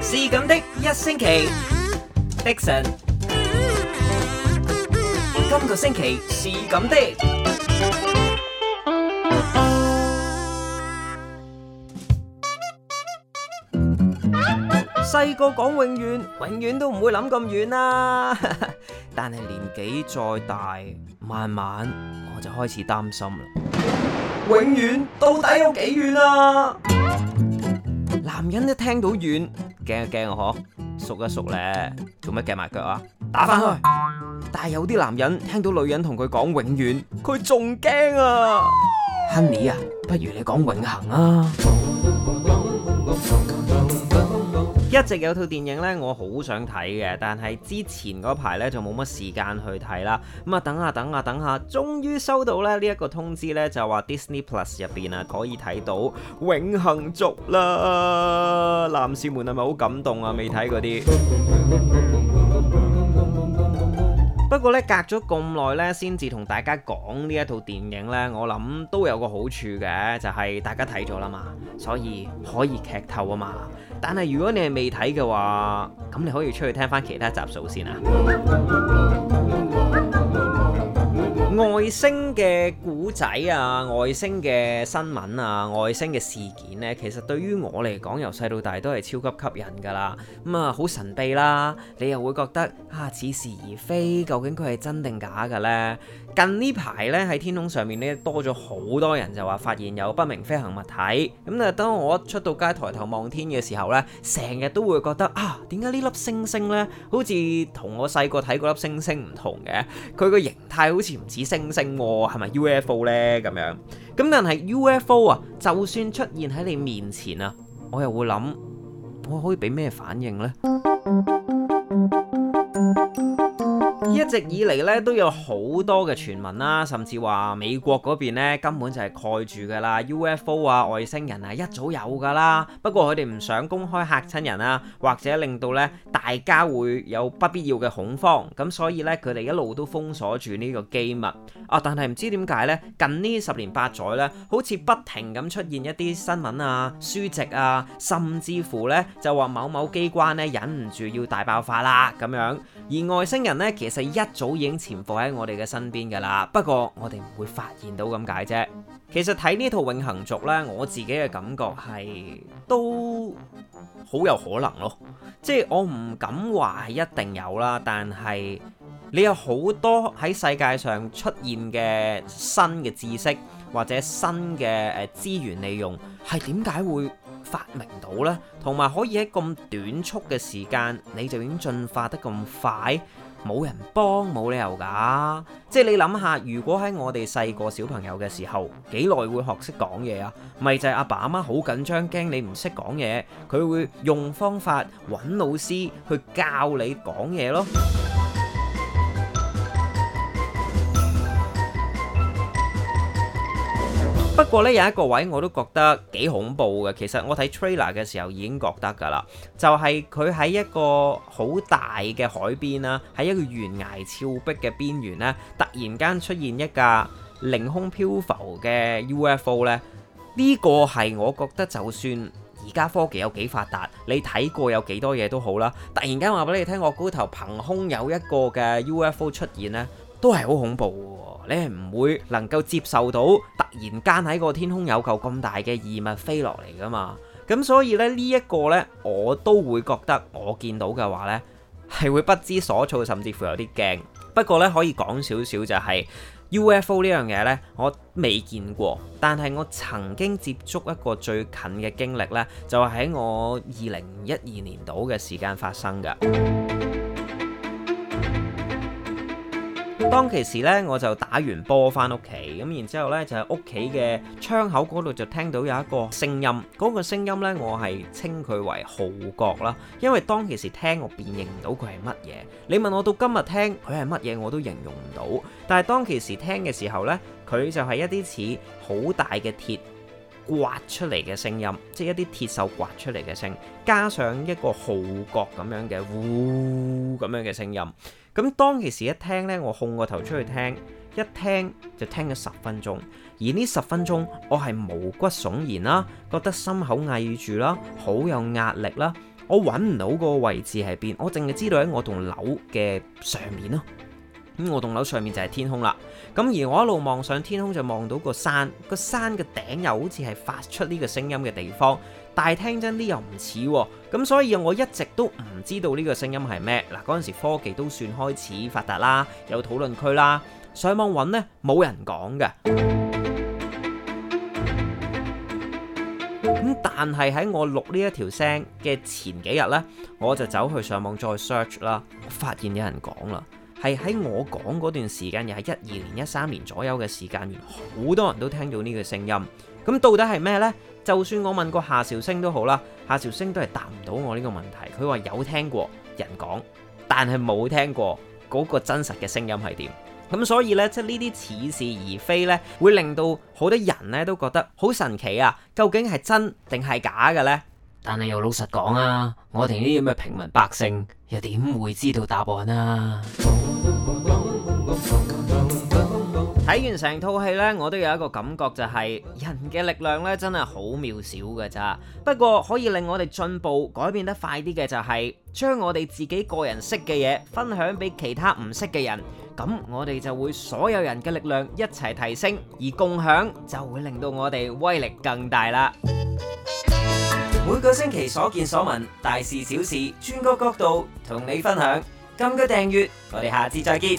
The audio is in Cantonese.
是咁的一星期，Dixon。D ixon，今個星期是咁的。細個講永遠，永遠都唔會諗咁遠啦。 但係年紀再大，慢慢我就開始擔心啦。 永遠到底有幾遠啊？男人一聽到遠，驚一驚咯，嚇熟一熟咧，做乜夾埋腳啊？打翻去！但係有啲男人聽到女人同佢講永遠，佢仲驚啊！Honey 啊，Honey，不如你講永恆啊！一直有套電影呢，我好想睇嘅，但係之前嗰排呢，就冇乜時間去睇啦。咁啊，啊，啊，等下等下等下，終於收到咧呢一個通知呢，就話 Disney Plus 入邊啊可以睇到《永恆族》啦。男士們係咪好感動啊？未睇嗰啲。 不過咧，隔咗咁耐咧，先至同大家講呢一套電影咧，我諗都有個好處嘅，就係大家睇咗啦嘛，所以可以劇透啊嘛。但係如果你係未睇嘅話，咁你可以出去聽翻其他集數先啊。外星嘅古仔啊，外星嘅新聞啊，外星嘅事件呢，其實對於我嚟講，由細到大都係超級吸引噶啦。咁、嗯、啊，好神秘啦，你又會覺得啊，似是而非，究竟佢係真定假嘅呢？近呢排咧，喺天空上面咧，多咗好多人就話發現有不明飛行物體咁啊！當我一出到街抬頭望天嘅時候咧，成日都會覺得啊，點解呢粒星星咧好似同我細個睇嗰粒星星唔同嘅？佢個形態好似唔似星星，啊，係咪 UFO 咧咁樣？咁但係 UFO 啊，就算出現喺你面前啊，我又會諗，我可以俾咩反應呢？」一直以嚟咧都有好多嘅傳聞啦，甚至話美國嗰邊咧根本就係蓋住㗎喇 UFO 啊，外星人啊一早有㗎喇，不過佢哋唔想公開嚇親人啊，或者令到咧大家會有不必要嘅恐慌，咁所以咧佢哋一路都封鎖住呢個機密啊。但係唔知點解咧近呢十年八載咧，好似不停咁出現一啲新聞啊，書籍啊，甚至乎咧就話某某機關咧忍唔住要大爆發啦咁樣，而外星人咧其實，一早已經潛伏喺我哋嘅身邊噶啦，不過我哋唔會發現到咁解啫。其實睇呢套《永恆族》呢，我自己嘅感覺係都好有可能咯。即係我唔敢話係一定有啦，但係你有好多喺世界上出現嘅新嘅知識或者新嘅誒資源利用，係點解會發明到呢？同埋可以喺咁短促嘅時間，你就已經進化得咁快？冇人幫，冇理由㗎，即係你諗下，如果喺我哋細個小朋友嘅時候，幾耐會學識講嘢呀？咪就係阿爸阿媽好緊張，驚你唔識講嘢，佢會用方法揾老師去教你講嘢咯。不過咧有一個位我都覺得幾恐怖嘅，其實我睇 trailer 嘅時候已經覺得㗎啦，就係佢喺一個好大嘅海邊啦，喺一個懸崖峭壁嘅邊緣咧，突然間出現一架凌空漂浮嘅 UFO 咧，呢個係我覺得就算而家科技有幾發達，你睇過有幾多嘢都好啦，突然間話俾你聽，我高頭憑空有一個嘅 UFO 出現咧。都係好恐怖嘅喎，你係唔會能夠接受到突然間喺個天空有嚿咁大嘅異物飛落嚟㗎嘛？咁所以咧呢一個呢，我都會覺得我見到嘅話呢，係會不知所措，甚至乎有啲驚。不過呢，可以講少少就係 UFO 呢樣嘢呢，我未見過，但係我曾經接觸一個最近嘅經歷呢，就係喺我二零一二年度嘅時間發生嘅。當其時呢，我就打完波返屋企，咁然之後呢就喺屋企嘅窗口嗰度就聽到有一個聲音，嗰個聲音呢，我係稱佢為號角啦，因為當其時聽我辨認唔到佢係乜嘢，你問我到今日聽佢係乜嘢我都形容唔到，但係當其時聽嘅時候呢，佢就係一啲似好大嘅鐵。刮出嚟嘅聲音，即係一啲鐵鏽刮出嚟嘅聲，加上一個號角咁樣嘅，呼咁樣嘅聲音。咁當其時一聽呢，我控個頭出去聽，一聽就聽咗十分鐘。而呢十分鐘，我係毛骨悚然啦，覺得心口翳住啦，好有壓力啦。我揾唔到個位置喺邊，我淨係知道喺我棟樓嘅上面咯。咁、嗯、我棟樓上面就係天空啦，咁而我一路望上天空就望到個山，個山嘅頂又好似係發出呢個聲音嘅地方，但係聽真啲又唔似，哦，咁所以我一直都唔知道呢個聲音係咩。嗱，嗰陣時科技都算開始發達啦，有討論區啦，上網揾,呢冇人講嘅。咁、 嗯、但係喺我錄呢一條聲嘅前幾日呢，我就走去上網再 search 啦，我發現有人講啦。係喺我講嗰段時間，又係一二年、一三年左右嘅時間，好多人都聽到呢個聲音。咁到底係咩呢？就算我問過夏韶聲都好啦，夏韶聲都係答唔到我呢個問題。佢話有聽過人講，但係冇聽過嗰個真實嘅聲音係點。咁所以呢，即係呢啲似是而非呢，會令到好多人呢都覺得好神奇啊！究竟係真定係假嘅呢？但係又老實講啊，我哋呢啲咁嘅平民百姓又點會知道答案啊？睇完成套戲呢，我都有一個感覺就係人嘅力量呢真係好渺小嘅咋。不過可以令我哋進步、改變得快啲嘅就係將我哋自己個人識嘅嘢分享俾其他唔識嘅人，咁我哋就會所有人嘅力量一齊提升，而共享就會令到我哋威力更大啦。每個星期所見所聞，大事小事，轉個角度同你分享。撳個訂閱，我哋下次再見。